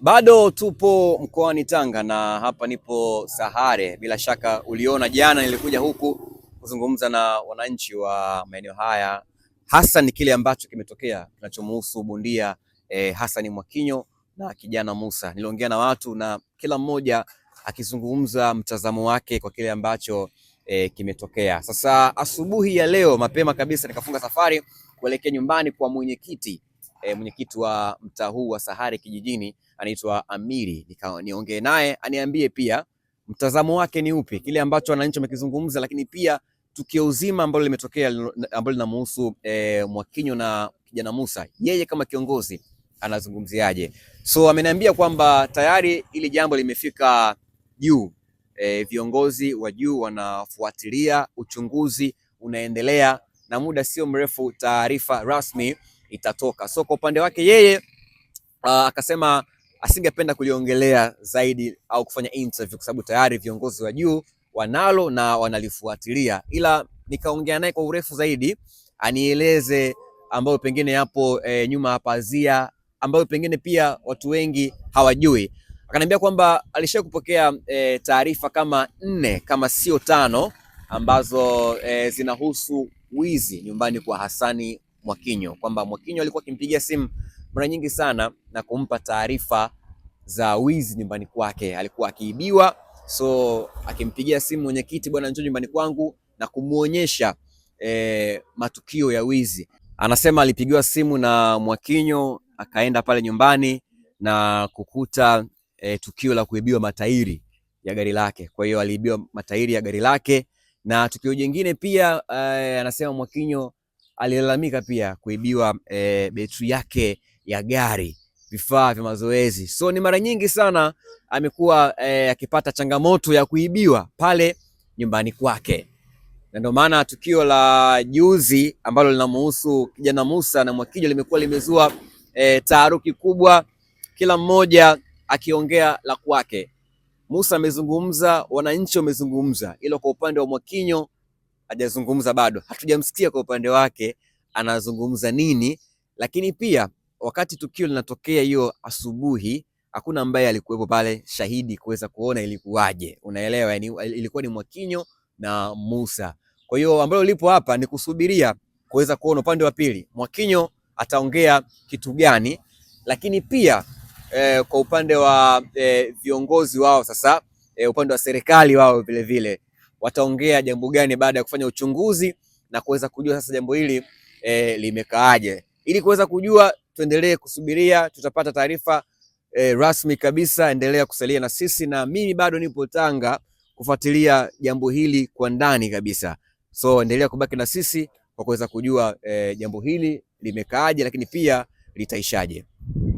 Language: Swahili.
Bado tupo mkoani Tanga na hapa nipo Sahare. Bila shaka uliona jana nilikuja huku kuzungumza na wananchi wa maeneo haya, hasa ni kile ambacho kimetokea kinachomuhusu bondia eh, Hassan Mwakinyo na kijana Musa. Niliongea na watu na kila mmoja akizungumza mtazamo wake kwa kile ambacho eh, kimetokea. Sasa asubuhi ya leo mapema kabisa nikafunga safari kuelekea nyumbani kwa mwenyekiti eh, mwenyekiti wa mtaa huu wa Sahare kijijini anaitwa Amiri, nika niongee naye aniambie pia mtazamo wake ni upi, kile ambacho wananchi wamekizungumza, lakini pia tukio uzima ambalo limetokea ambalo linamhusu e, eh, Mwakinyo na kijana Musa, yeye kama kiongozi anazungumziaje? So ameniambia kwamba tayari ili jambo limefika juu e, viongozi wa juu wanafuatilia, uchunguzi unaendelea na muda sio mrefu taarifa rasmi itatoka. So kwa upande wake yeye ah, akasema asingependa kuliongelea zaidi au kufanya interview kwa sababu tayari viongozi wa juu wanalo na wanalifuatilia, ila nikaongea naye kwa urefu zaidi anieleze ambayo pengine yapo e, nyuma ya pazia ambayo pengine pia watu wengi hawajui. Akaniambia kwamba alishawahi kupokea e, taarifa kama nne kama sio tano ambazo e, zinahusu wizi nyumbani kwa Hasani Mwakinyo, kwamba Mwakinyo alikuwa akimpigia simu mara nyingi sana na kumpa taarifa za wizi nyumbani kwake. Alikuwa akiibiwa, so akimpigia simu mwenyekiti, bwana, njoo nyumbani kwangu na kumuonyesha e, matukio ya wizi. Anasema alipigiwa simu na Mwakinyo, akaenda pale nyumbani na kukuta e, tukio la kuibiwa matairi ya gari lake. Kwa hiyo aliibiwa matairi ya gari lake, na tukio jingine pia e, anasema Mwakinyo alilalamika pia kuibiwa e, betri yake ya gari, vifaa vya mazoezi. So ni mara nyingi sana amekuwa eh, akipata changamoto ya kuibiwa pale nyumbani kwake, na ndio maana tukio la juzi ambalo linamhusu kijana Musa na Mwakijo limekuwa limezua eh, taharuki kubwa, kila mmoja akiongea la kwake. Musa amezungumza, wananchi wamezungumza, ila kwa upande wa Mwakinyo hajazungumza bado. Hatujamsikia kwa upande wake anazungumza nini, lakini pia wakati tukio linatokea hiyo asubuhi, hakuna ambaye alikuwepo pale shahidi kuweza kuona ilikuwaje, unaelewa? Yani ilikuwa ni Mwakinyo na Musa. Kwa hiyo ambalo lipo hapa ni kusubiria kuweza kuona upande wa pili Mwakinyo ataongea kitu gani, lakini pia eh, kwa upande wa eh, viongozi wao sasa eh, upande wa serikali wao vilevile wataongea jambo gani baada ya kufanya uchunguzi na kuweza kujua sasa jambo hili eh, limekaaje, ili kuweza kujua tuendelee kusubiria, tutapata taarifa e, rasmi kabisa. Endelea kusalia na sisi, na mimi bado nipo Tanga kufuatilia jambo hili kwa ndani kabisa, so endelea kubaki na sisi kwa kuweza kujua e, jambo hili limekaaje, lakini pia litaishaje.